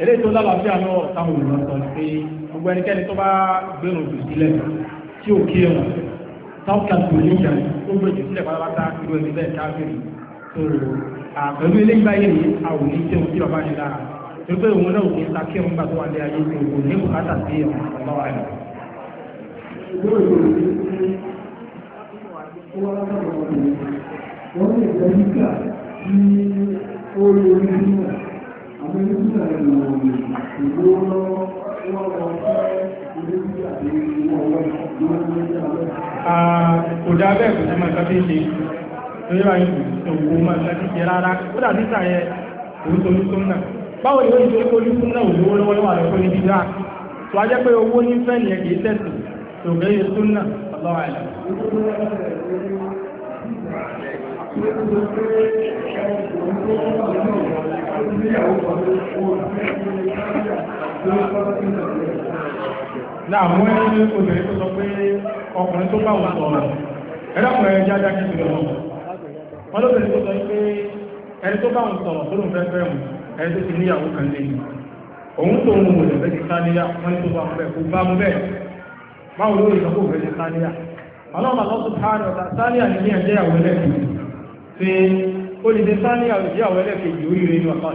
Ilé tó lálàáfíà lọ́wọ́ táwọn olùrọ̀ sọ pé gbogbo ẹnikẹ́ni tó bá gbẹ̀rùn jù sílẹ̀ tí ó kí ẹ̀wọ̀n táwọn kò ní ìjà tó gbẹ̀rùn jù sílẹ̀ pátápátá irú ẹni bẹ́ẹ̀ káàkiri tó àpẹ̀lú ilé ìgbáyé ní àwọn oníṣẹ́ òkú bàbá ní lára tó pé òun náà kò sá kí ẹ̀wọ̀n gbà tó wà ní ayé tó kò wọ́n lè ní orí orí nígbà àwọn ilé nígbà ìlú ìlú lọ́wọ́ wọ́n lọ fẹ́ báwo ni ó ń torí orí fún náà òwò lọ́wọ́lọ́wọ́ àrẹ fún ibi dáa tó a jẹ́ pé owó ní fẹ́ nìyẹn kìí tó gbé yẹ náà ọlọ́wọ́ àìlẹ́ Náà mọ́ ẹni obìnrin tó sọ pé ọkùnrin tó bá wọn sọ̀rọ̀, ẹ̀dọ́kùnrin ẹjá já kí ìrọ̀ wọn. Wọ́n lóbìnrin tó sọ pé ẹni tó bá wọn sọ̀rọ̀ tó lóun fẹ́fẹ́ mú ẹni tó ti níyàwó kan lè ní. Òun tó mú mú lẹ̀fẹ́ ti sáníyà, wọ́n tó bá mú bẹ́ẹ̀ ọlọ́mà lọ́tún káàrẹ̀ ọ̀tà sáníà ní ní ẹ̀jẹ́ àwọn ẹlẹ́kẹ̀ẹ́ pé ó lè ṣe sáníà òjì àwọn ẹlẹ́kẹ̀ẹ́ oríire inú ọ̀tọ́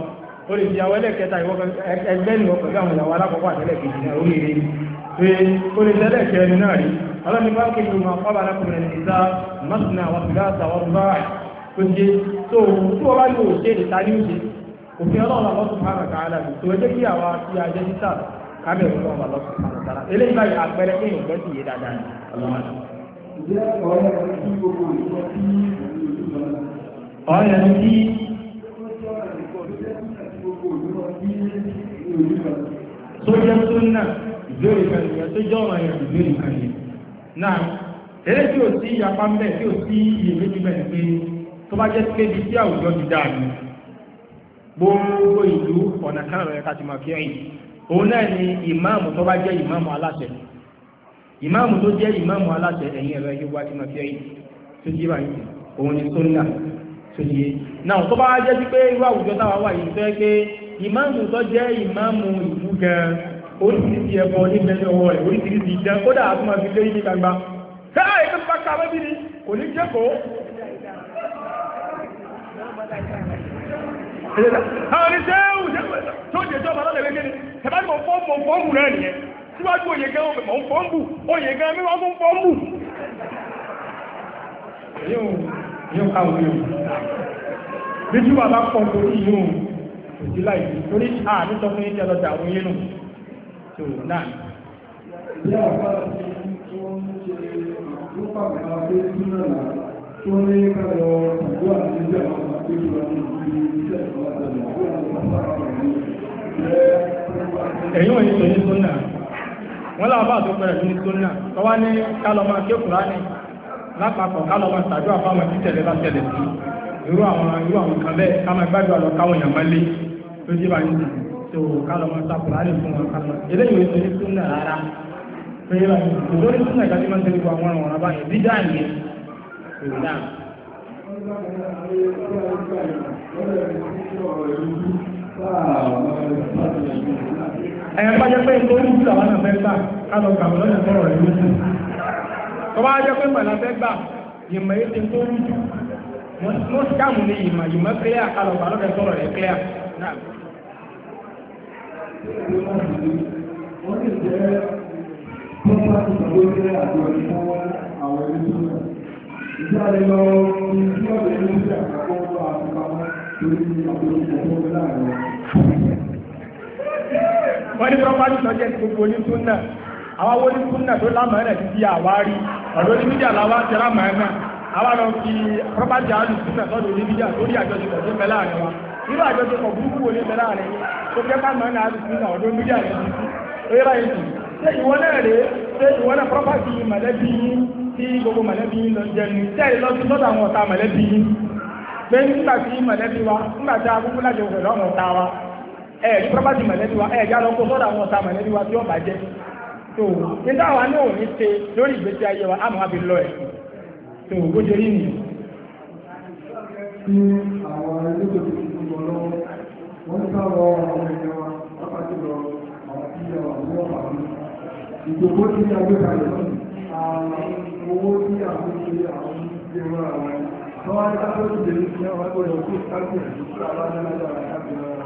ó lè fi àwọn ẹlẹ́kẹ̀ẹ́ta ẹgbẹ́ ni wọ́n pẹ̀lú àwọn ìyàwó alákọ̀ọ́kọ́ àtẹ́lẹ́kẹ̀ẹ́ ní oríire pé ó lè ṣẹlẹ́kẹ̀ẹ́ ẹni náà rí ọlọ́ni bá kí ló máa pàbà lákùnrin ẹni ìta mọ́sùnà àwọn ìgbà àtàwọn bá tó jẹ tó tó wá ní òṣè ìta ní òṣè òfin ọlọ́run àwọn tó fara kààlà tó ẹjẹ́ kí àwa ti ajẹ́ títà kábẹ̀rún lọ́wọ́ lọ́sùn fara kààlà eléyìí báyìí àpẹẹrẹ pé ìgbẹ́sì yé dáadáa ni ọ̀rẹ́ ní kí tó jẹ́ súnnà ìbéèrè kanìyàn tó jẹ́ ọ̀rọ̀ ìbéèrè kanìyàn náà eré tí ó sí ìyapa mẹ́ tí ó sí iye méjì mẹ́rin pé tó bá jẹ́ kébi tí àwùjọ ti dáa ní gbogbo ìlú ọ̀nà kan rẹ̀ ká ti máa fi ẹ̀yìn òun náà ni ìmáàmù tó bá jẹ́ ìmáàmù aláṣẹ ìmáàmù tó jẹ́ ìmáàmù aláṣẹ ẹ̀yìn ẹ̀rọ ẹ̀yìn wájú máa fi ẹ̀yìn tó jí báyìí òun ni sóńdà tó yé náà tó bá jẹ́ sí pé irú àwùjọ táwa wà yìí fẹ́ pé ìmáàmù tó jẹ́ ìmáàmù ìlú gan oríṣiríṣi ẹbọ níbẹ̀ ní ọwọ́ rẹ̀ oríṣiríṣi ìdán kódà a tún máa fi léyìn ní gbangba káàkiri síwájú oyè gan ọmọ ń fọ́ gan mi wọ́n fọ́ ń bù yóò káwọn bí tí wà bá pọ̀ lórí yóò òjì láìsí torí à ní fún ìjẹ́ lọ́jà àwọn yẹnu tó náà Ìjẹ́ àpá ní káyọ̀ wọ́n láwọn bá tó pẹ̀rẹ̀ ní sónà tó wá ní kálọ́mà kékùrá ní lápapọ̀ kálọ́mà tàbí àfáwọn títẹ̀lẹ̀ bá tẹ̀lẹ̀ sí irú àwọn irú àwọn kan bẹ́ẹ̀ ká máa gbájú àlọ́ káwọn èèyàn máa lé tó jí bá yìí tó kálọ́mà sàkùrá ní fún wọn kálọ́mà eléyìí ò ní sónà rárá tó yẹ bá yìí tó ní sónà ìdájí máa ń tẹ́lẹ̀ àwọn ọ̀rọ̀ ọ̀rọ̀ báyìí ẹ̀yẹn bá jẹ́ pé tó ń jùlọ àwọn àfẹ́ gbà kálọ̀ kàwọ̀ lọ́nà tọ́rọ̀ rẹ̀ ló sùn tó bá jẹ́ pé màlá fẹ́ gbà ìmọ̀ ètè tó ń jù mọ́ skáàmù ní ìmọ̀ ìmọ̀ kílíà kálọ̀ kàwọ̀ lọ́nà tọ́rọ̀ rẹ̀ kílíà náà Ìjáde lọ ní ìjọ́ ìrìnlẹ̀ àkọ́kọ́ àti pàmọ́ torí àpòlùpọ̀ tó ń láàrin wọ́n ní property tó jẹ́ gbogbo ní súnà àwọn owó ní súnà tó lámàá rẹ̀ ti di àwárí ọ̀dọ́ ní mídíà làwọn ti lámàá náà àwọn lọ fi property àlù súnà sọ́dọ̀ ní mídíà lórí àjọṣepọ̀ tó mẹ́lá rẹ̀ wa nínú àjọṣepọ̀ burúkú wo ní mẹ́lá rẹ̀ tó jẹ́ ká mọ́ náà àlù súnà ọ̀dọ́ mídíà rẹ̀ ti fi ó yẹ báyìí sí ṣé ìwọ náà rèé ṣé ìwọ náà property mọ̀lẹ́bí yín tí gbogbo mọ̀lẹ́bí yín lọ jẹnu tẹ́ ì lọ sí sọ́dọ̀ àwọn ọ̀tá mọ̀lẹ́bí yín pé nígbà tí mọ̀lẹ́bí wa nígbà tí agbógbó lájọ pẹ̀lú àwọn ọ̀tá wa ẹ̀ẹ̀rí property mẹ̀lẹ́bí wa lọ kó sọ́dọ̀ àwọn ọ̀tá mẹ̀lẹ́bí tí ó bàjẹ́ tó nígbà wa ní ṣe lórí ìgbésí ayé wa àmọ́ àbí lọ ẹ̀ tó ó rí nìyí. àwọn ẹlẹ́gbẹ̀ẹ́ tó ti gbọ́ lọ́wọ́ wọ́n ń sáwọ́ àwọn ẹ̀yẹ wa lápàtì lọ àwọn tí ìyàwó tí a gbé kalẹ̀ àwọn owó tí a fi ṣe àwọn ìgbéwọ́ àwọn tọ́wọ́